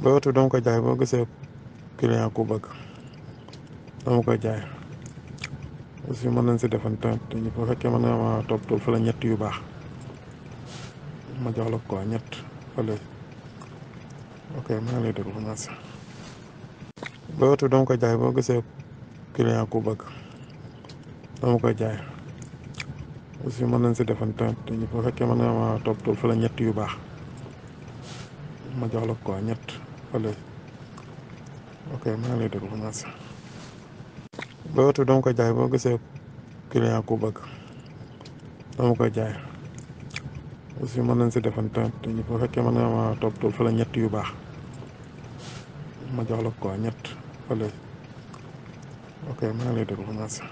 ba waxtu dama koy jaay boo gisee client ku bëgg dama koy jaay aussi mën nañ si defante dañu bu fekkee mën nga ma topp topp fële yu baax ma jox la ko ñett fële ok maa ngi lay déglu merci ba waxtu dama koy jaay boo gisee client ku bëgg dama koy jaay aussi mën nañ si defante dañu bu fekkee mën nga ma topp topp fële ñett yu baax ma jox la ko ñett wala ok maa ngi lay déglu merci. loolu dama ko jaay boo gisee client ku bëgg dama ko jaay aussi mën nañ si defanta te ñu bu fekkee mën naa ma topp tool fële ñett yu baax ma jox la ko ñett fële ok maa ngi lay déglu merci.